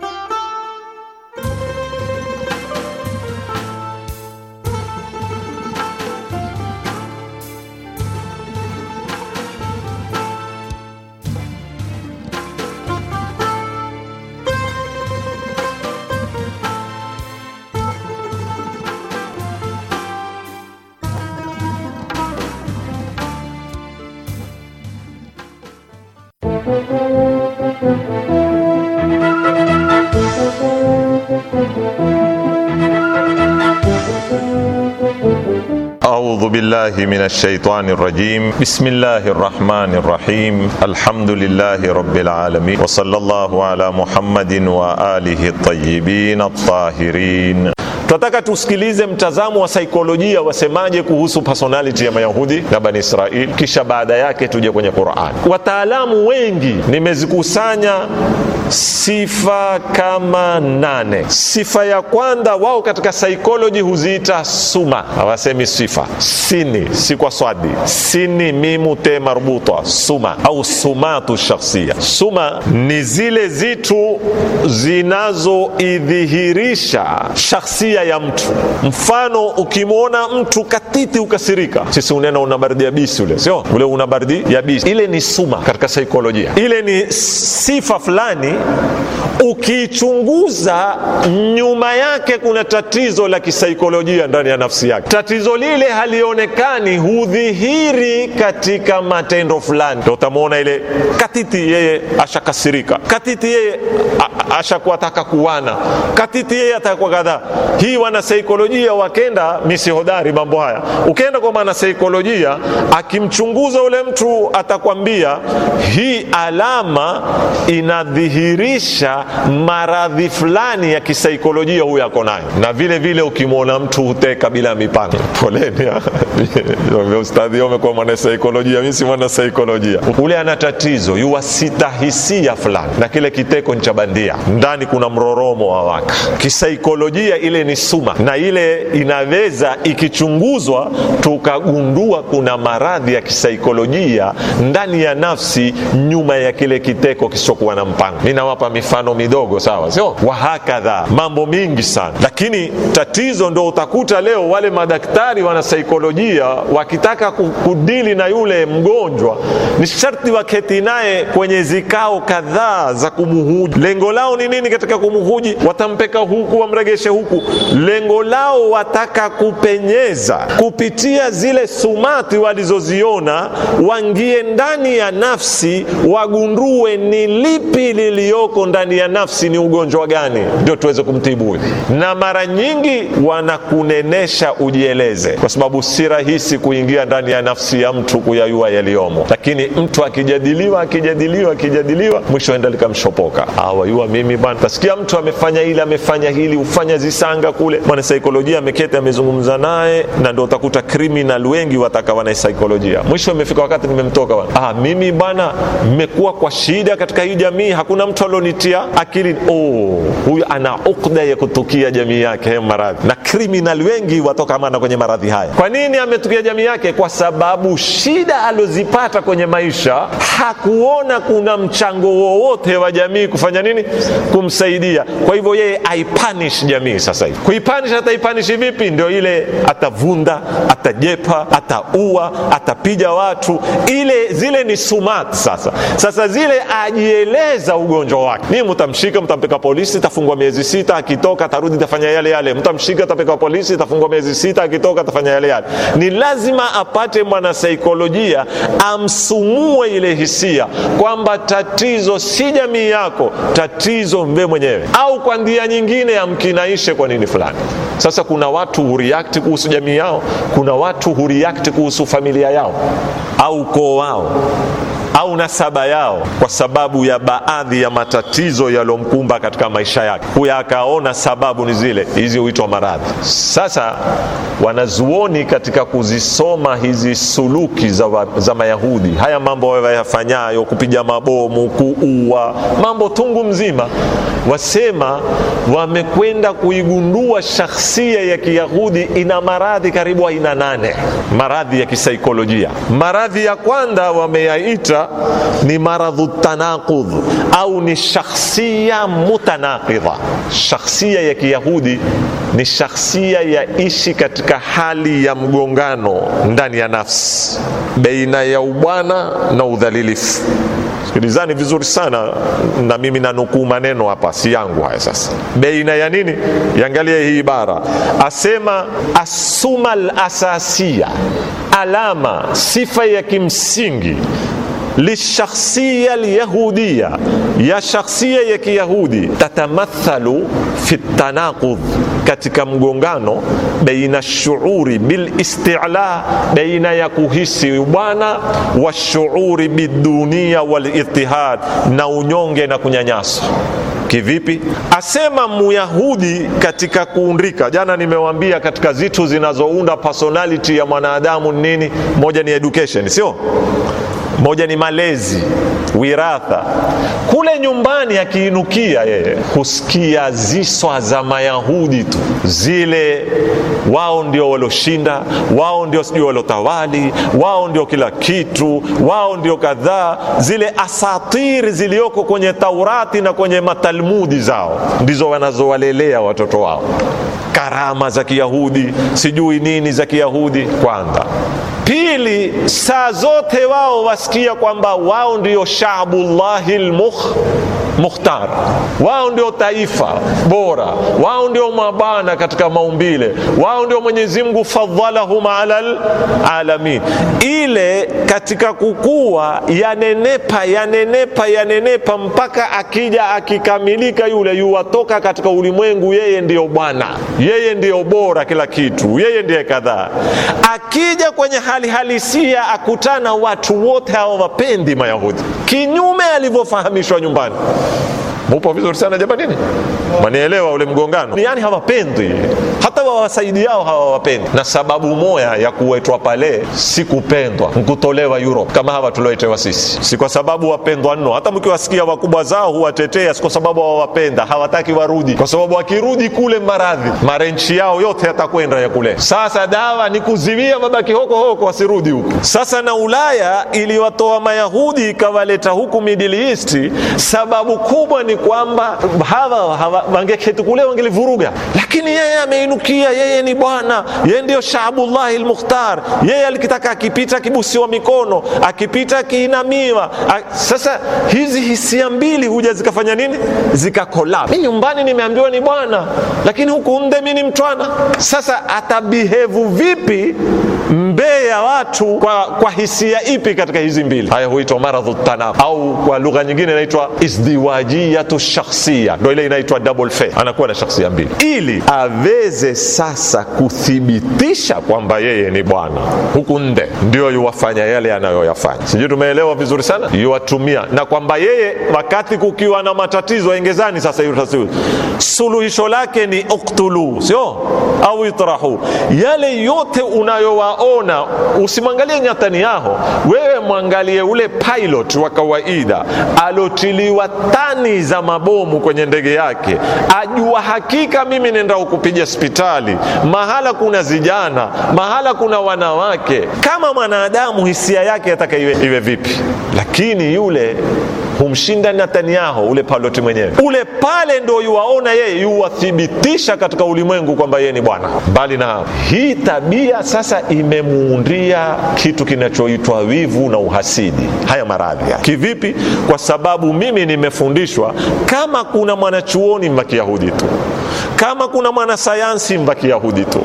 بالله من الشيطان الرجيم بسم الله الرحمن الرحيم الحمد لله رب العالمين وصلى الله على محمد وآله الطيبين الطاهرين Tunataka tusikilize mtazamo wa saikolojia wasemaje kuhusu personality ya Mayahudi na Bani Israeli, kisha baada yake tuje kwenye Qur'an. Wataalamu wengi nimezikusanya sifa kama nane. Sifa ya kwanza wao katika saikoloji huziita suma, hawasemi sifa. Sini si kwa swadi, sini mimu te marbutwa, suma au sumatu shakhsia. Suma ni zile zitu zinazoidhihirisha shakhsia ya mtu. Mfano, ukimwona mtu katiti ukasirika, sisi unena una baridi ya bisi, ule sio ule una baridi ya bisi, ile ni suma katika saikolojia, ile ni sifa fulani ukiichunguza nyuma yake kuna tatizo la kisaikolojia ndani ya nafsi yake. Tatizo lile halionekani, hudhihiri katika matendo fulani. Ndio utamwona ile katiti, yeye ashakasirika, katiti yeye ashakuwa taka kuwana, katiti yeye atakuwa kadhaa. Hii wanasaikolojia wakenda misi hodari mambo haya. Ukienda kwa mwanasaikolojia akimchunguza ule mtu atakwambia hii alama inadhihiri kudhihirisha maradhi fulani ya kisaikolojia huyo ako nayo. Na vile vile ukimwona mtu huteka bila mipango, poleni ustadhi, umekuwa mwanasaikolojia, mimi si mwanasaikolojia. Ule ana tatizo yuwasita hisia fulani, na kile kiteko ni cha bandia, ndani kuna mroromo wa waka kisaikolojia. Ile ni suma, na ile inaweza ikichunguzwa tukagundua kuna maradhi ya kisaikolojia ndani ya nafsi, nyuma ya kile kiteko kisichokuwa na mpango ninawapa mifano midogo, sawa sio? Wahakadha, mambo mingi sana, lakini tatizo ndo utakuta leo wale madaktari wana saikolojia wakitaka kudili na yule mgonjwa ni sharti waketi naye kwenye zikao kadhaa za kumuhuji. Lengo lao ni nini katika kumuhuji? Watampeka huku, wamregeshe huku, lengo lao wataka kupenyeza kupitia zile sumati walizoziona, wangie ndani ya nafsi, wagundue ni lipi lili iliyoko ndani ya nafsi ni ugonjwa gani, ndio tuweze kumtibu huyu. Na mara nyingi wanakunenesha ujieleze, kwa sababu si rahisi kuingia ndani ya nafsi ya mtu kuyayua yaliyomo, lakini mtu akijadiliwa akijadiliwa akijadiliwa, mwisho enda likamshopoka awayua, mimi bana, tasikia mtu amefanya hili amefanya hili, hufanya zisanga kule. saikolojia ameketi amezungumza naye, na ndo utakuta kriminal wengi wataka saikolojia, Mwisho imefika wakati nimemtoka bana ah, mimi bana, mmekuwa kwa shida katika hii jamii, hakuna mtu walonitia akili oh, huyu ana ukda ya kutukia jamii yake hayo maradhi, na criminal wengi watokamana kwenye maradhi haya. Kwa nini ametukia jamii yake? Kwa sababu shida alozipata kwenye maisha hakuona kuna mchango wowote wa jamii kufanya nini, kumsaidia. Kwa hivyo yeye aipanish jamii. Sasa hivi kuipanish, ataipanishi vipi? Ndio ile atavunda, atajepa, ataua, atapija watu, ile zile ni sumat. Sasa sasa zile ajieleza ugo mgonjwa wake ni mtamshika mtampeka polisi tafungwa miezi sita akitoka atarudi tafanya yale yale mtamshika tapeka polisi tafungwa miezi sita akitoka tafanya yale yale ni lazima apate mwanasaikolojia amsumue ile hisia kwamba tatizo si jamii yako tatizo mbe mwenyewe au kwa ndia nyingine amkinaishe kwa nini fulani sasa kuna watu hureact kuhusu jamii yao kuna watu hureact kuhusu familia yao au ukoo wao au nasaba yao, kwa sababu ya baadhi ya matatizo yaliyomkumba katika maisha yake, huyo akaona sababu ni zile hizi, huitwa maradhi. Sasa wanazuoni katika kuzisoma hizi suluki za, wa, za Mayahudi, haya mambo wayafanyayo, kupiga mabomu, kuua, mambo tungu mzima, wasema wamekwenda kuigundua shakhsia ya Kiyahudi ina maradhi karibu aina nane, maradhi ya kisaikolojia. Maradhi ya kwanza wameyaita ni maradhu tanaqudh au ni shakhsia mutanaqidha. Shakhsia ya Kiyahudi ni shakhsia ya ishi katika hali ya mgongano ndani ya nafsi, baina ya ubwana na udhalilifu. Sikilizani vizuri sana, na mimi nanukuu maneno hapa, si yangu haya. Sasa baina ya nini? Yangalia hii ibara, asema asuma lasasia alama sifa ya kimsingi lishakhsia lyahudia ya shakhsia ya Kiyahudi, tatamathalu fi tanaqudh, katika mgongano baina shuuri bil istila, baina ya kuhisi ubwana wa shuuri bidunia walitihad na unyonge na kunyanyaswa. Kivipi? Asema Myahudi katika kuundika. Jana nimewambia katika zitu zinazounda personality ya mwanadamu nini? Moja ni education, sio? moja ni malezi, wiratha. Kule nyumbani akiinukia yeye kusikia ziswa za Mayahudi tu, zile wao ndio waloshinda, wao ndio sijui walotawali, wao ndio kila kitu, wao ndio kadhaa, zile asatiri zilioko kwenye Taurati na kwenye matalmudi zao ndizo wanazowalelea watoto wao, karama za Kiyahudi, sijui nini za Kiyahudi. Kwanza Pili, saa zote wao wasikia kwamba wao ndio shaabullahi lmukh mukhtar wao ndio taifa bora, wao ndio mabana katika maumbile, wao ndio Mwenyezi Mungu fadhalahum ala alamin. Ile katika kukua yanenepa yanenepa yanenepa, mpaka akija akikamilika yule, yuwatoka katika ulimwengu, yeye ndiyo bwana, yeye ndiyo bora, kila kitu, yeye ndiye kadhaa. Akija kwenye hali hali halisia akutana watu wote hawa wapendi Mayahudi, kinyume alivyofahamishwa nyumbani. Mupo vizuri sana jamanini, manielewa ule mgongano, yani hawapendi hata yao hawawapendi. Na sababu moya ya kuwetwa pale si kupendwa, nkutolewa Europe kama hawa tulioetewa sisi, si kwa sababu wapendwa nno. Hata mkiwasikia wakubwa zao huwatetea, si kwa sababu hawawapenda, hawataki warudi, kwa sababu wakirudi kule maradhi marenchi yao yote yatakwenda ya kule. Sasa dawa ni kuziwia mabaki hoko hoko wasirudi huku. Sasa na Ulaya iliwatoa Mayahudi ikawaleta huku Middle East, sababu kubwa ni kwamba hawa, hawa wangeketi kule wangelivuruga, lakini yeye ameinuka kumgeukia yeye ni bwana yeye ndiyo shaabullahi lmukhtar yeye alikitaka akipita akibusiwa mikono akipita akiinamiwa sasa hizi hisia mbili huja zikafanya nini zikakola mi nyumbani nimeambiwa ni bwana lakini huku mde mi ni mtwana sasa atabihevu vipi mbee ya watu kwa, kwa hisia ipi katika hizi mbili? Haya huitwa maradhu tanaf, au kwa lugha nyingine inaitwa izdiwajiyatu shakhsia, ndo ile inaitwa double fe, anakuwa na shakhsia mbili, ili aweze sasa kuthibitisha kwamba yeye ni bwana huku nde, ndio yuwafanya yale anayoyafanya. Sijui tumeelewa vizuri sana, yuwatumia na kwamba yeye wakati kukiwa na matatizo aingezani sasa suluhisho lake ni uktulu, sio au itrahu, yale yote unayowa unaona, usimwangalie nyatani wewe mwangalie ule pilot wa kawaida alotiliwa tani za mabomu kwenye ndege yake, ajua hakika mimi nenda ukupiga hospitali, mahala kuna zijana, mahala kuna wanawake. Kama mwanadamu hisia yake yataka iwe, iwe vipi? Lakini yule kumshinda Netanyahu, ule Paloti mwenyewe ule pale, ndo yuwaona yeye, yuwathibitisha katika ulimwengu kwamba yeye ni bwana. Mbali na hii tabia sasa, imemuundia kitu kinachoitwa wivu na uhasidi, haya maradhi ya Kivipi? Kwa sababu mimi nimefundishwa, kama kuna mwanachuoni Makiyahudi tu kama kuna mwanasayansi mva kiyahudi tu,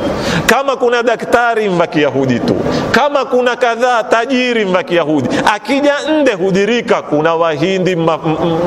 kama kuna daktari mva kiyahudi tu, kama kuna kadhaa tajiri mva kiyahudi Akija nde hudirika, kuna wahindi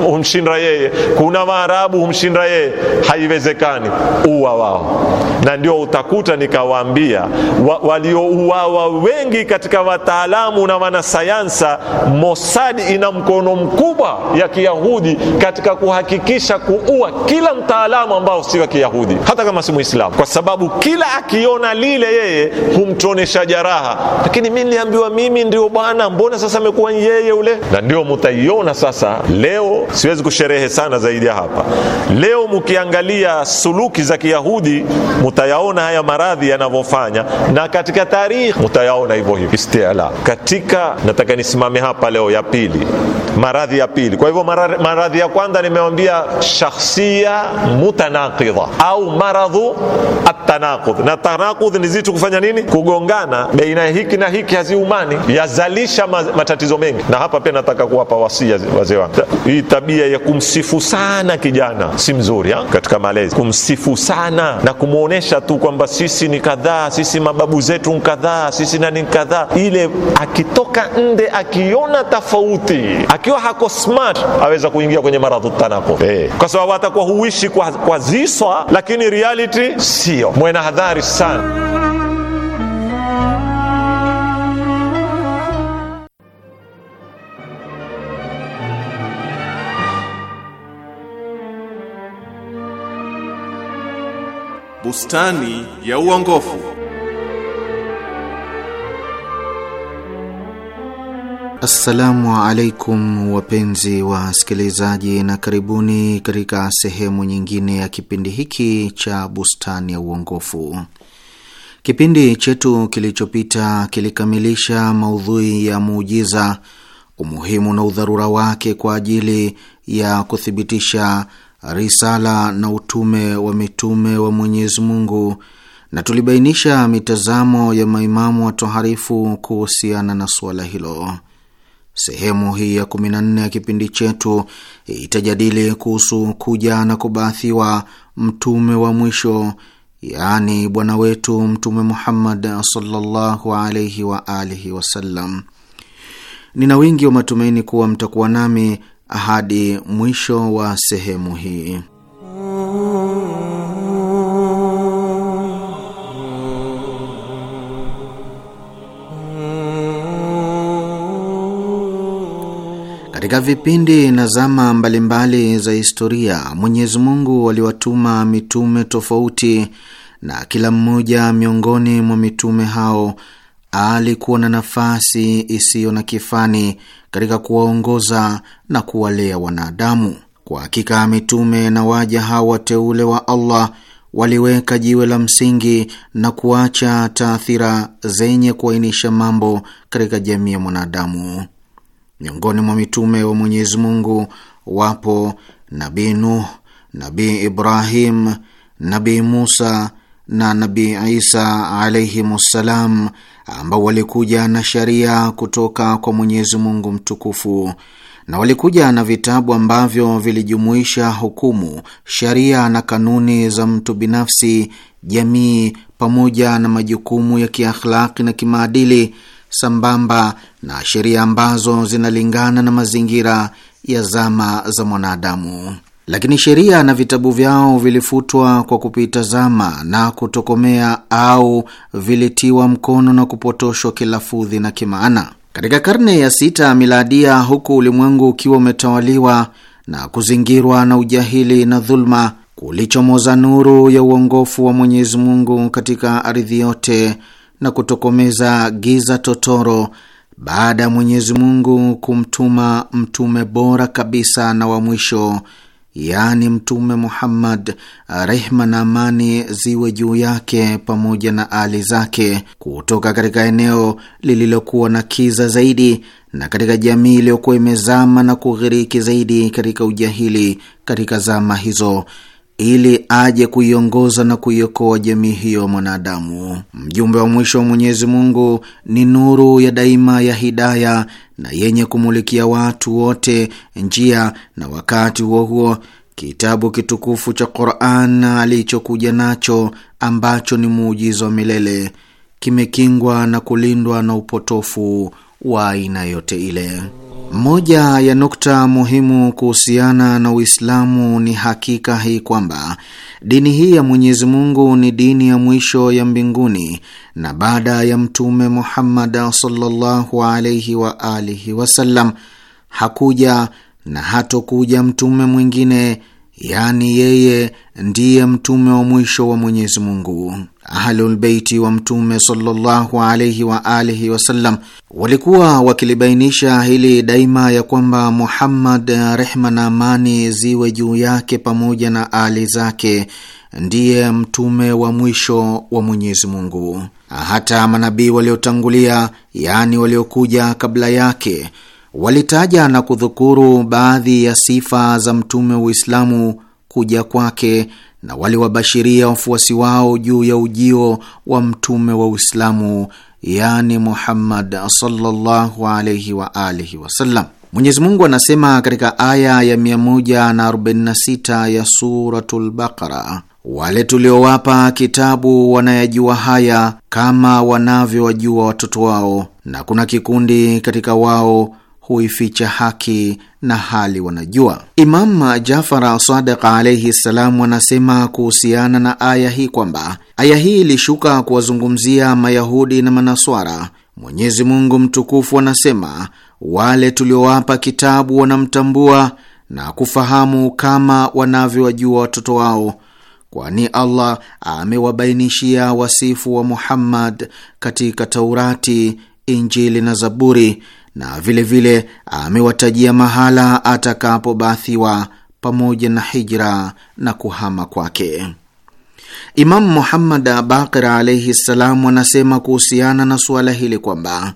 humshinda yeye, kuna waarabu humshinda yeye, haiwezekani. Uwa wao, na ndio utakuta nikawaambia, wa, waliouawa wengi katika wataalamu na wanasayansa, mosadi ina mkono mkubwa ya Kiyahudi katika kuhakikisha kuua kila mtaalamu ambao si wa Kiyahudi. Myahudi hata kama si Muislamu, kwa sababu kila akiona lile yeye humtonesha jaraha. Lakini mi niliambiwa mimi ndio bwana, mbona sasa amekuwa yeye ule? Na ndio mutaiona sasa. Leo siwezi kusherehe sana zaidi ya hapa. Leo mukiangalia suluki za Kiyahudi mutayaona haya maradhi yanavyofanya, na katika tarikhi mutayaona hivyo hivyo. Istiala katika, nataka nisimame hapa leo ya pili maradhi ya pili. Kwa hivyo maradhi ya kwanza nimewambia shakhsia mutanaqidha au maradhu atanaqudh, na tanaqudh ni zitu kufanya nini? Kugongana baina ya hiki na hiki, haziumani, yazalisha matatizo mengi. Na hapa pia nataka kuwapa wasia wazee wangu, hii tabia ya kumsifu sana kijana si mzuri ha? katika malezi kumsifu sana na kumwonyesha tu kwamba sisi ni kadhaa, sisi mababu zetu ni kadhaa, sisi nani kadhaa, ile akitoka nde akiona tofauti akiwa hako smart aweza kuingia kwenye maradhi tanako hey. Eh. kwa sababu atakuwa huishi kwa, kwa ziswa lakini reality sio mwena hadhari sana bustani ya uongofu Assalamu alaikum wapenzi wa wasikilizaji, na karibuni katika sehemu nyingine ya kipindi hiki cha Bustani ya Uongofu. Kipindi chetu kilichopita kilikamilisha maudhui ya muujiza, umuhimu na udharura wake kwa ajili ya kuthibitisha risala na utume wa mitume wa Mwenyezi Mungu, na tulibainisha mitazamo ya maimamu watoharifu kuhusiana na suala hilo. Sehemu hii ya 14 ya kipindi chetu itajadili kuhusu kuja na kubaathiwa mtume wa mwisho, yaani bwana wetu Mtume Muhammad sallallahu alaihi wa alihi wasallam. Nina wingi wa matumaini kuwa mtakuwa nami hadi mwisho wa sehemu hii. Katika vipindi na zama mbalimbali za historia, Mwenyezi Mungu aliwatuma mitume tofauti, na kila mmoja miongoni mwa mitume hao alikuwa na nafasi isiyo na kifani katika kuwaongoza na kuwalea wanadamu. Kwa hakika mitume na waja hawa wateule wa Allah waliweka jiwe la msingi na kuacha taathira zenye kuainisha mambo katika jamii ya mwanadamu. Miongoni mwa mitume wa Mwenyezi Mungu wapo Nabii Nuh, Nabii Ibrahim, Nabii Musa na Nabii Isa ssalam, ambao walikuja na sheria kutoka kwa Mwenyezi Mungu mtukufu na walikuja na vitabu ambavyo vilijumuisha hukumu, sheria na kanuni za mtu binafsi, jamii, pamoja na majukumu ya kiakhlaki na kimaadili sambamba na sheria ambazo zinalingana na mazingira ya zama za mwanadamu, lakini sheria na vitabu vyao vilifutwa kwa kupita zama na kutokomea au vilitiwa mkono na kupotoshwa kilafudhi na kimaana. Katika karne ya sita miladia, huku ulimwengu ukiwa umetawaliwa na kuzingirwa na ujahili na dhuluma, kulichomoza nuru ya uongofu wa Mwenyezi Mungu katika ardhi yote na kutokomeza giza totoro baada ya Mwenyezi Mungu kumtuma mtume bora kabisa na wa mwisho, yaani Mtume Muhammad, rehma na amani ziwe juu yake pamoja na ali zake, kutoka katika eneo lililokuwa na kiza zaidi na katika jamii iliyokuwa imezama na kughiriki zaidi katika ujahili katika zama hizo ili aje kuiongoza na kuiokoa jamii hiyo ya mwanadamu. Mjumbe wa mwisho wa Mwenyezi Mungu ni nuru ya daima ya hidaya na yenye kumulikia watu wote njia, na wakati huo huo kitabu kitukufu cha Quran alichokuja nacho ambacho ni muujizo wa milele kimekingwa na kulindwa na upotofu wa aina yote ile. Moja ya nukta muhimu kuhusiana na Uislamu ni hakika hii kwamba dini hii ya Mwenyezi Mungu ni dini ya mwisho ya mbinguni na baada ya Mtume Muhammad sallallahu alaihi wa alihi wasallam hakuja na hatokuja mtume mwingine, yaani yeye ndiye mtume wa mwisho wa Mwenyezi Mungu. Ahlulbeiti wa Mtume sallallahu alaihi wa alihi wasallam walikuwa wakilibainisha hili daima ya kwamba Muhammad, rehma na amani ziwe juu yake pamoja na ali zake, ndiye mtume wa mwisho wa Mwenyezi Mungu. Hata manabii waliotangulia, yaani waliokuja kabla yake, walitaja na kudhukuru baadhi ya sifa za mtume wa Uislamu, kuja kwake na waliwabashiria wafuasi wao juu ya ujio wa mtume wa Uislamu, yani Muhammad sallallahu alaihi wa alihi wasallam. Mwenyezi Mungu anasema katika aya ya 146 ya Suratul Baqara, wale tuliowapa kitabu wanayajua haya kama wanavyowajua watoto wao, na kuna kikundi katika wao huificha haki na hali wanajua. Imam Jafar Sadiq alaihi ssalam anasema kuhusiana na aya hii kwamba aya hii ilishuka kuwazungumzia Mayahudi na Manaswara. Mwenyezi Mungu mtukufu anasema, wale tuliowapa kitabu wanamtambua na kufahamu kama wanavyowajua watoto wao, kwani Allah amewabainishia wasifu wa Muhammad katika Taurati, Injili na Zaburi na vilevile amewatajia mahala atakapobathiwa pamoja na hijra na kuhama kwake. Imamu Muhammad Baqir alaihi ssalam anasema kuhusiana na suala hili kwamba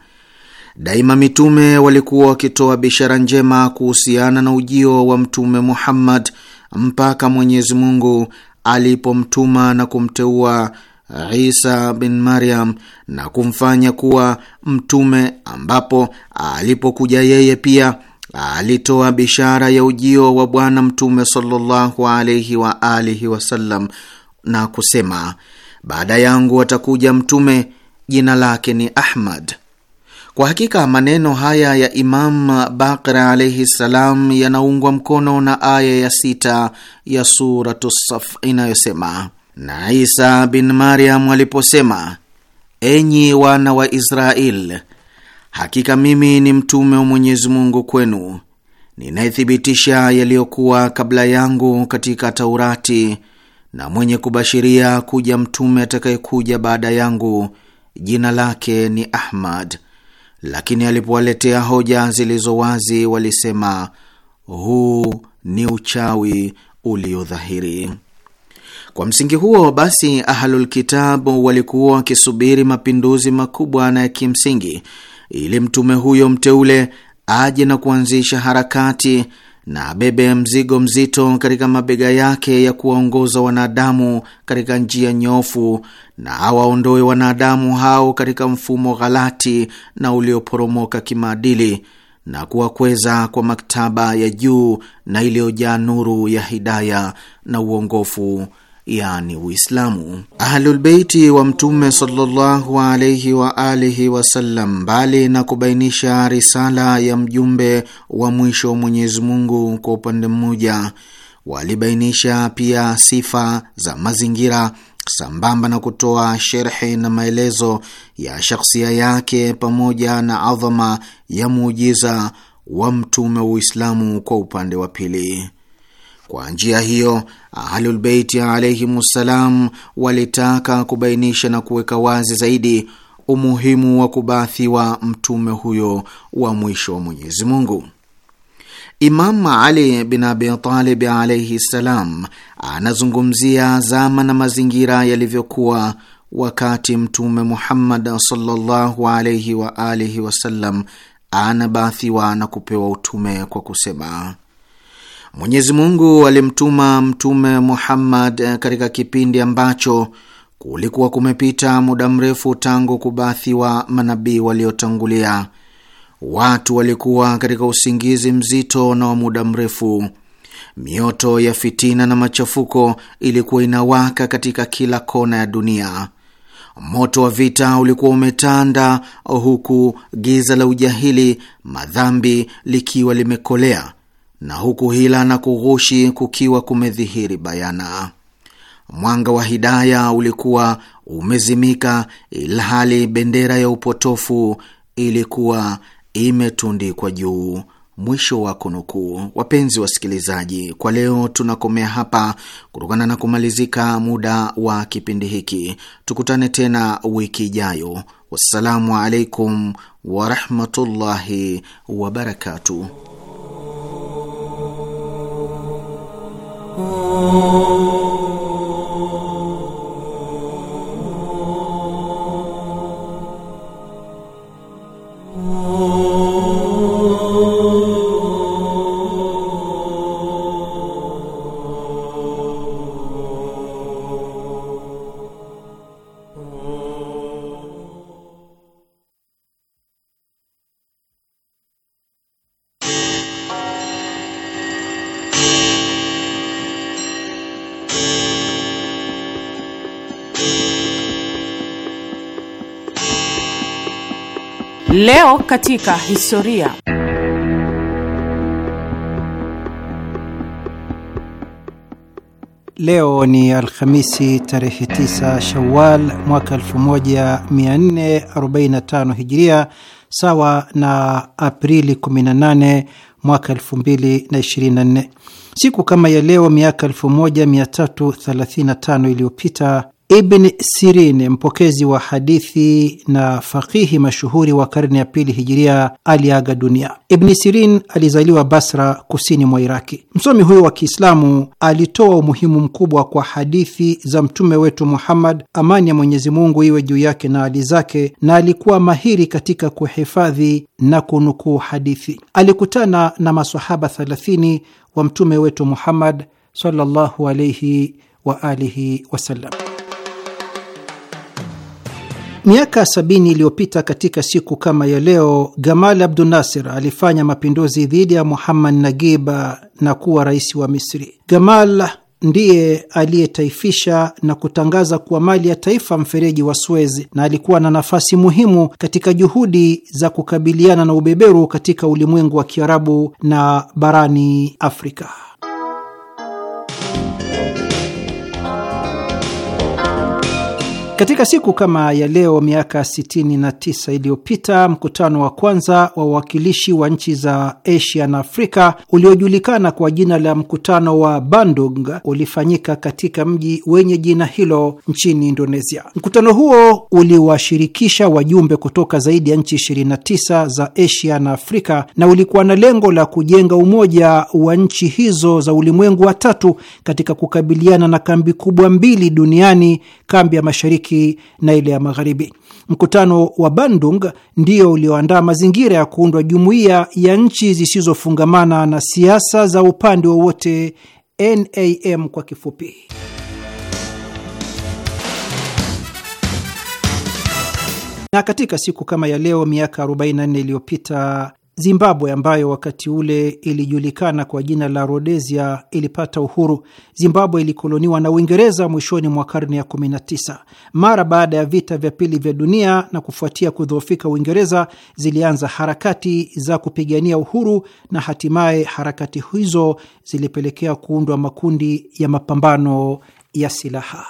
daima mitume walikuwa wakitoa bishara njema kuhusiana na ujio wa Mtume Muhammad mpaka Mwenyezi Mungu alipomtuma na kumteua Isa bin Maryam na kumfanya kuwa mtume, ambapo alipokuja yeye pia alitoa bishara ya ujio wa Bwana Mtume sallallahu alaihi wa alihi wasallam na kusema, baada yangu atakuja mtume, jina lake ni Ahmad. Kwa hakika maneno haya ya Imam Bakr alaihi ssalam yanaungwa mkono na aya ya sita ya Suratu Saf inayosema na Isa bin Maryam aliposema, enyi wana wa Israel, hakika mimi ni mtume wa Mwenyezi Mungu kwenu ninayethibitisha yaliyokuwa kabla yangu katika Taurati na mwenye kubashiria kuja mtume atakayekuja baada yangu, jina lake ni Ahmad. Lakini alipowaletea hoja zilizo wazi, walisema huu ni uchawi uliodhahiri. Kwa msingi huo basi, Ahlul Kitabu walikuwa wakisubiri mapinduzi makubwa na ya kimsingi ili mtume huyo mteule aje na kuanzisha harakati na abebe mzigo mzito katika mabega yake ya kuwaongoza wanadamu katika njia nyofu na awaondoe wanadamu hao katika mfumo ghalati na ulioporomoka kimaadili na kuwakweza kwa maktaba ya juu na iliyojaa nuru ya hidaya na uongofu yani Uislamu. Ahlulbeiti wa Mtume sallallahu alaihi wa alihi wasallam, mbali na kubainisha risala ya mjumbe wa mwisho wa Mwenyezi Mungu kwa upande mmoja, walibainisha pia sifa za mazingira sambamba na kutoa sherhi na maelezo ya shakhsia yake pamoja na adhama ya muujiza wa mtume wa Uislamu kwa upande wa pili. Kwa njia hiyo Ahlulbeiti alaihimussalam walitaka kubainisha na kuweka wazi zaidi umuhimu wa kubaathiwa mtume huyo wa mwisho wa Mwenyezi Mungu. Imam Ali bin Abi Talib alaihi ssalam anazungumzia zama na mazingira yalivyokuwa wakati Mtume Muhammad sallallahu alaihi wasallam anabaathiwa na kupewa utume kwa kusema Mwenyezi Mungu alimtuma Mtume Muhammad eh, katika kipindi ambacho kulikuwa kumepita muda mrefu tangu kubathiwa manabii waliotangulia. Watu walikuwa katika usingizi mzito na wa muda mrefu. Mioto ya fitina na machafuko ilikuwa inawaka katika kila kona ya dunia. Moto wa vita ulikuwa umetanda, huku giza la ujahili, madhambi likiwa limekolea na huku hila na kughushi kukiwa kumedhihiri bayana. Mwanga wa hidaya ulikuwa umezimika, ilhali bendera ya upotofu ilikuwa imetundikwa juu. Mwisho wa kunukuu. Wapenzi wasikilizaji, kwa leo tunakomea hapa kutokana na kumalizika muda wa kipindi hiki. Tukutane tena wiki ijayo. Wassalamu alaikum warahmatullahi wabarakatuh. Oh Leo katika historia. Leo ni Alhamisi tarehe 9 Shawal mwaka 1445 Hijiria, sawa na Aprili 18 mwaka 2024. Siku kama ya leo miaka 1335 iliyopita Ibn Sirin, mpokezi wa hadithi na fakihi mashuhuri wa karne ya pili hijiria, aliaga dunia. Ibn Sirin alizaliwa Basra, kusini mwa Iraki. Msomi huyo wa Kiislamu alitoa umuhimu mkubwa kwa hadithi za mtume wetu Muhammad, amani ya Mwenyezi Mungu iwe juu yake na ali zake, na alikuwa mahiri katika kuhifadhi na kunukuu hadithi. Alikutana na masahaba 30 wa mtume wetu Muhammad sallallahu alaihi wa alihi wasallam. Miaka sabini iliyopita katika siku kama ya leo, Gamal Abdu Nasir alifanya mapinduzi dhidi ya Muhammad Nagib na kuwa rais wa Misri. Gamal ndiye aliyetaifisha na kutangaza kuwa mali ya taifa mfereji wa Suez na alikuwa na nafasi muhimu katika juhudi za kukabiliana na ubeberu katika ulimwengu wa Kiarabu na barani Afrika. Katika siku kama ya leo miaka 69 iliyopita mkutano wa kwanza wa wawakilishi wa nchi za Asia na Afrika uliojulikana kwa jina la mkutano wa Bandung ulifanyika katika mji wenye jina hilo nchini Indonesia. Mkutano huo uliwashirikisha wajumbe kutoka zaidi ya nchi 29 za Asia na Afrika na ulikuwa na lengo la kujenga umoja wa nchi hizo za ulimwengu wa tatu katika kukabiliana na kambi kubwa mbili duniani, kambi ya mashariki mashariki na ile ya magharibi. Mkutano wa Bandung ndio ulioandaa mazingira ya kuundwa jumuiya ya nchi zisizofungamana na siasa za upande wowote, NAM kwa kifupi. Na katika siku kama ya leo miaka 44 iliyopita Zimbabwe ambayo wakati ule ilijulikana kwa jina la Rhodesia ilipata uhuru. Zimbabwe ilikoloniwa na Uingereza mwishoni mwa karne ya 19. Mara baada ya vita vya pili vya dunia na kufuatia kudhoofika Uingereza, zilianza harakati za kupigania uhuru na hatimaye harakati hizo zilipelekea kuundwa makundi ya mapambano ya silaha.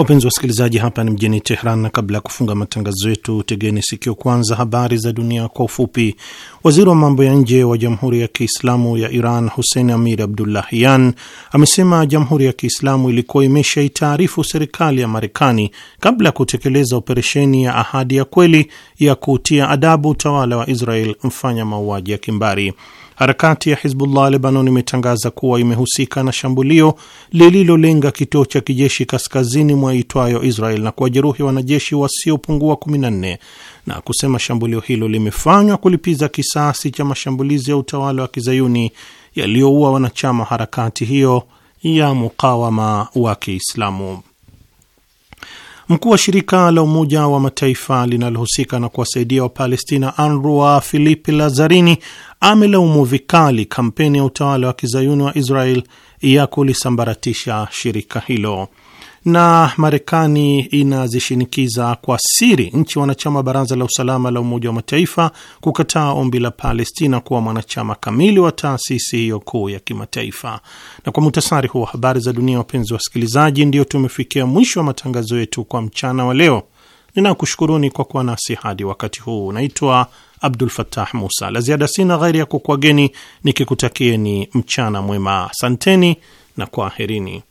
Wapenzi wa wasikilizaji, hapa ni mjini Tehran, na kabla ya kufunga matangazo yetu, tegeni sikio kwanza habari za dunia kwa ufupi. Waziri wa mambo ya nje wa Jamhuri ya Kiislamu ya Iran Hussein Amir Abdullahian amesema Jamhuri ya Kiislamu ilikuwa imeshaitaarifu serikali ya Marekani kabla ya kutekeleza operesheni ya Ahadi ya Kweli ya kutia adabu utawala wa Israel mfanya mauaji ya kimbari. Harakati ya Hizbullah Lebanon imetangaza kuwa imehusika na shambulio lililolenga kituo cha kijeshi kaskazini mwa itwayo Israel na kuwajeruhi wanajeshi wasiopungua 14 na kusema shambulio hilo limefanywa kulipiza kisasi cha mashambulizi ya utawala wa kizayuni yaliyoua wanachama harakati hiyo ya mukawama wa Kiislamu. Mkuu wa shirika la Umoja wa Mataifa linalohusika na kuwasaidia Wapalestina, Anrua Filipi Lazarini, amelaumu vikali kampeni ya utawala wa kizayuni wa Israel ya kulisambaratisha shirika hilo na Marekani inazishinikiza kwa siri nchi wanachama baraza la usalama la Umoja wa Mataifa kukataa ombi la Palestina kuwa mwanachama kamili wa taasisi hiyo kuu ya kimataifa. Na kwa muhtasari huo habari za dunia, wapenzi wasikilizaji, ndio tumefikia mwisho wa matangazo yetu kwa mchana wa leo. Ninakushukuruni kwa kuwa nasi hadi wakati huu. Naitwa Abdul Fatah Musa. La ziada sina ghairi ya kukwageni nikikutakieni mchana mwema. Asanteni na kwaherini.